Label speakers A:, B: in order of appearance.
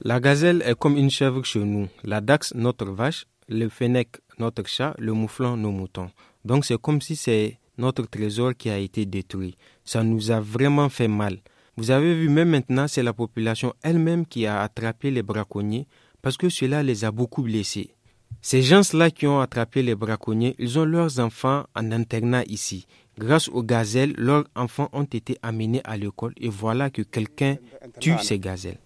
A: La gazelle est comme une chèvre chez nous, la dax notre vache, le fennec notre chat, le mouflon nos moutons. Donc c'est comme si c'est notre trésor qui a été détruit. Ça nous a vraiment fait mal. Vous avez vu, même maintenant, c'est la population elle-même qui a attrapé les braconniers parce que cela les a beaucoup blessés. Ces gens-là qui ont attrapé les braconniers, ils ont leurs enfants en internat ici. Grâce aux gazelles, leurs enfants ont été amenés à l'école et voilà que quelqu'un tue ces gazelles.